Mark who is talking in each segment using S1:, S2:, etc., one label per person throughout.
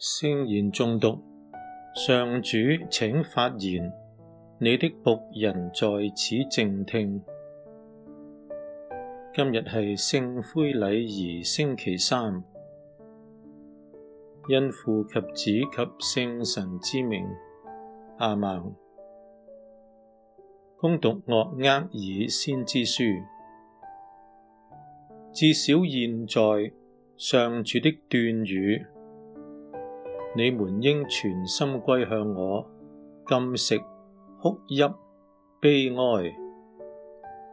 S1: 聖言誦讀，上主，請發言，你的僕人在此靜聽。今日係聖灰禮儀星期三，因父及子及聖神之名，阿們。恭讀《岳厄爾先知書》，至少現在，上主的斷語。你們應全心歸向我，禁食、哭泣、悲哀，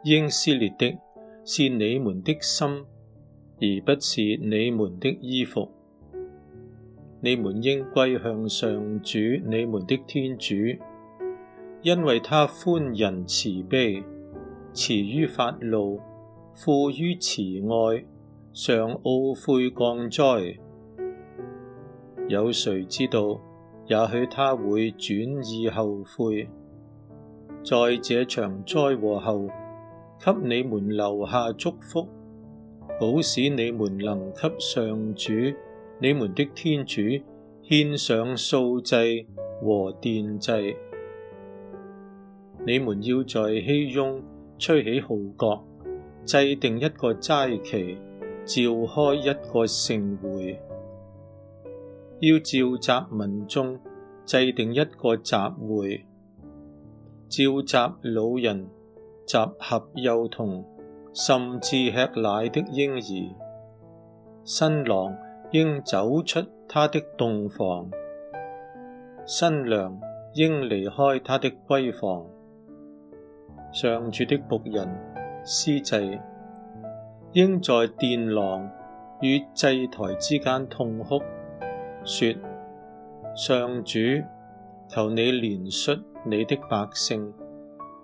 S1: 應撕裂的，是你們的心，而不是你們的衣服。你們應歸向上主你們的天主，因為他寬仁慈悲，遲於發怒，富於慈愛，常懊悔降災。有誰知道？也許他會轉意後悔。在這場災禍後，給你們留下祝福，好使你們能給上主你們的天主獻上素祭和奠祭。你們要在熙雍吹起號角，制定一個齋期，召開一個盛會。要召集民眾，制定一個集會，召集老人、集合幼童，甚至吃奶的嬰兒。新郎應走出他的洞房，新娘應離開他的閨房。上主的僕人、司祭應在殿廊與祭台之間痛哭。說，上主，求你憐恤你的百姓，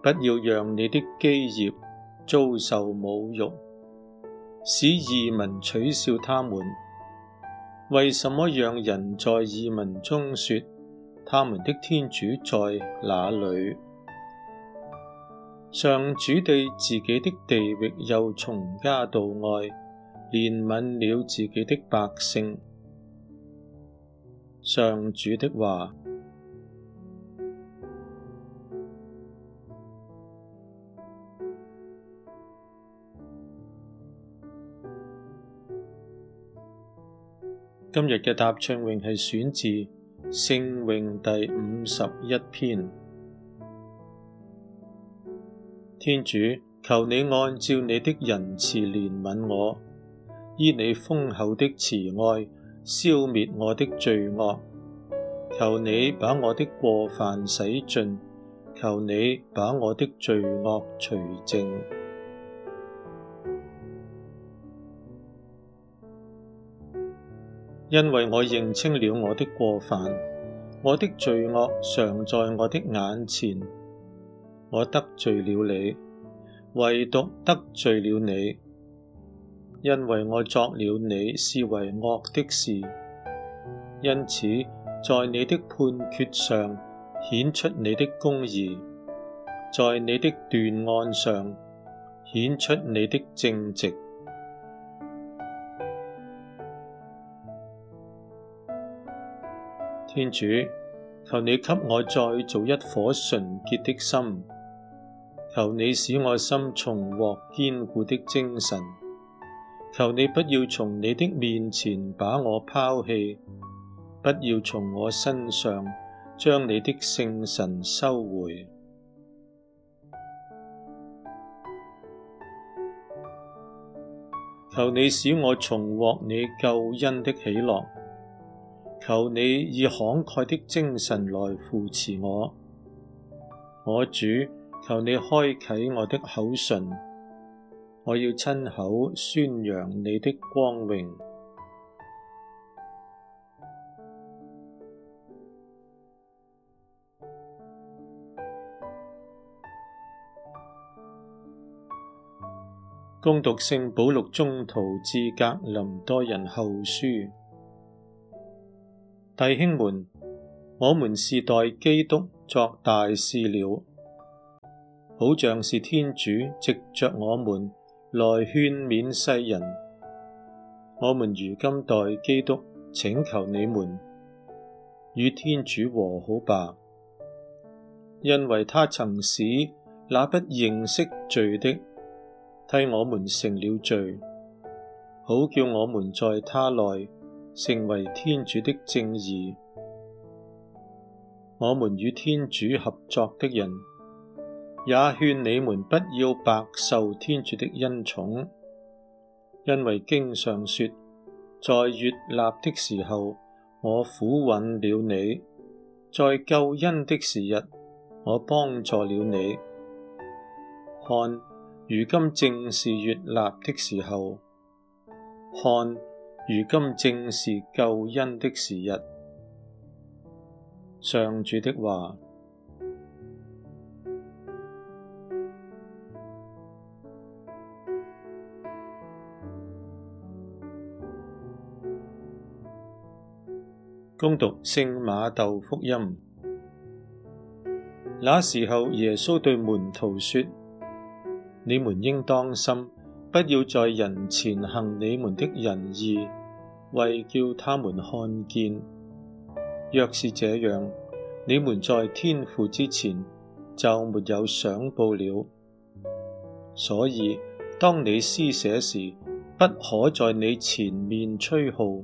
S1: 不要讓你的基業遭受侮辱，使異民取笑他們。為什麼讓人在異民中說，他們的天主在哪裏？上主對自己的地域又重加妒愛，憐憫了自己的百姓。上主的話。今日嘅答唱詠係選自聖詠第五十一篇。天主，求你按照你的仁慈憐憫我，依你豐厚的慈愛，消滅我的罪惡，求你把我的過犯洗盡，求你把我的罪惡除淨。因為我認清了我的過犯，我的罪惡常在我的眼前，我得罪了你，唯獨得罪了你。因為我作了你視為惡的事，因此，在你的判決上，顯出你的公義，在你的斷案上，顯出你的正直。天主，求你給我再造一顆純潔的心，求你使我心重獲堅固的精神。求你不要從你的面前把我拋棄，不要從我身上將你的聖神收回。求你使我重獲你救恩的喜樂，求你以慷慨的精神來扶持我。我主，求你開啟我的口唇。我要親口宣揚你的光榮。恭讀聖保祿宗徒致格林多人後書，弟兄們，我們是代基督作大使了，好像是天主藉着我們。來勸勉世人，我們如今代基督請求你們，與天主和好吧，因為他曾使那不認識罪的，替我們成了罪，好叫我們在他內成為天主的正義。我們與天主合作的人，也勸你們不要白受天主的恩寵，因為經上說，在悅納的時候，我俯允了你；在救恩的時日，我幫助了你。看，如今正是悅納的時候；看，如今正是救恩的時日。上主的話。恭讀聖馬竇福音，那時候耶穌對門徒說：你們應當心，不要在人前行你們的仁義，為叫他們看見。若是這樣，你們在天父之前就沒有賞報了。所以當你施捨時，不可在你前面吹號。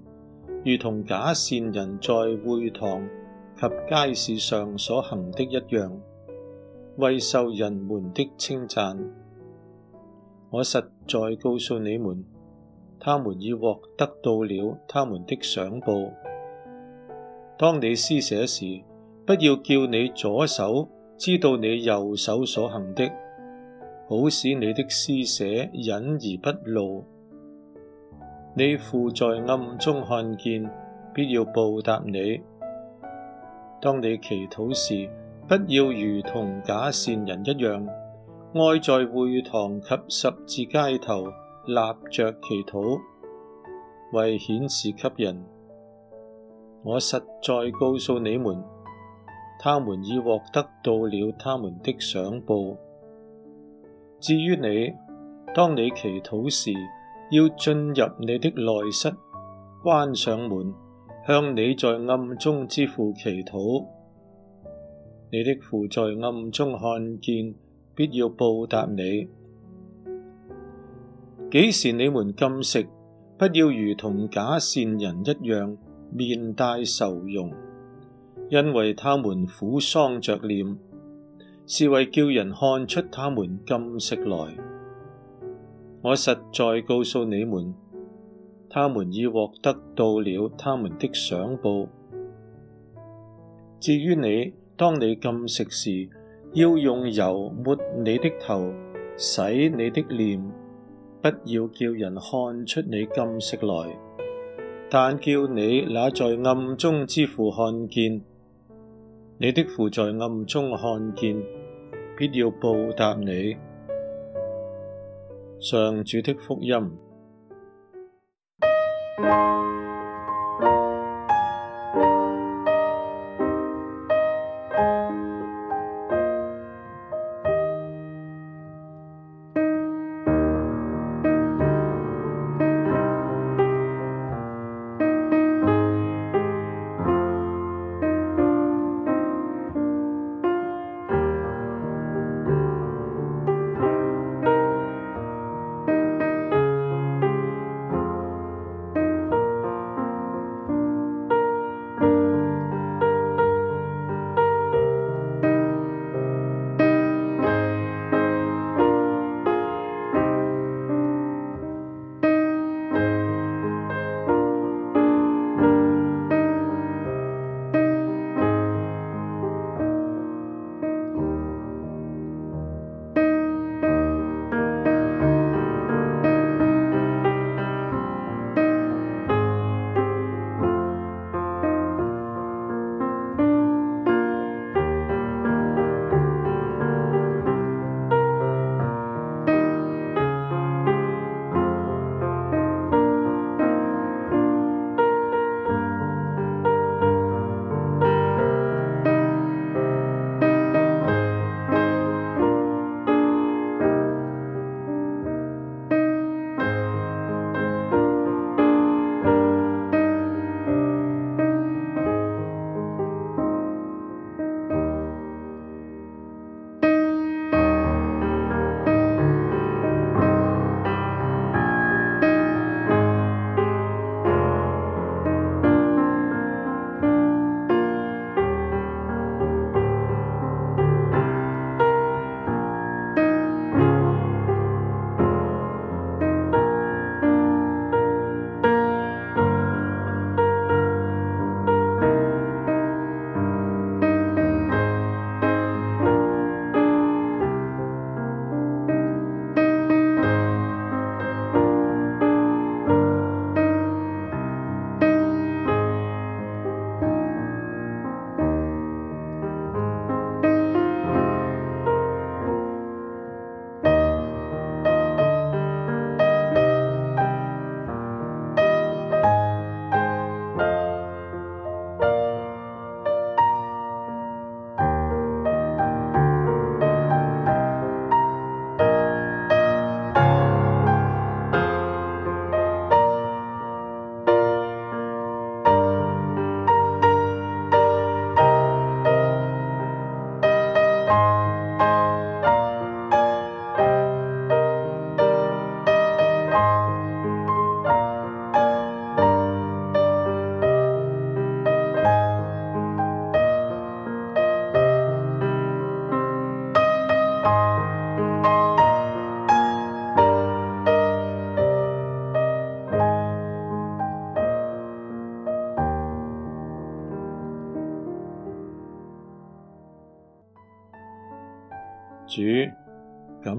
S1: 如同假善人在會堂及街市上所行的一樣，為受人們的稱讚。我實在告訴你們，他們已獲得到了他們的賞報。當你施捨時，不要叫你左手知道你右手所行的，好使你的施捨隱而不露。你父在暗中看見，必要報答你。當你祈禱時，不要如同假善人一樣，愛在會堂及十字街頭立着祈禱，為顯示給人。我實在告訴你們，他們已獲得到了他們的賞報。至於你，當你祈禱時，要進入你的內室，關上門，向你在暗中之父祈禱。你的父在暗中看見，必要報答你。幾時你們禁食，不要如同假善人一樣，面帶愁容，因為他們苦喪着臉，是為叫人看出他們禁食來。我實在告訴你們，他們已獲得到了他們的賞報。至於你，當你禁食時，要用油抹你的頭，洗你的臉，不要叫人看出你禁食來，但叫你那在暗中之父看見，你的父在暗中看見，必要報答你。上主的福音。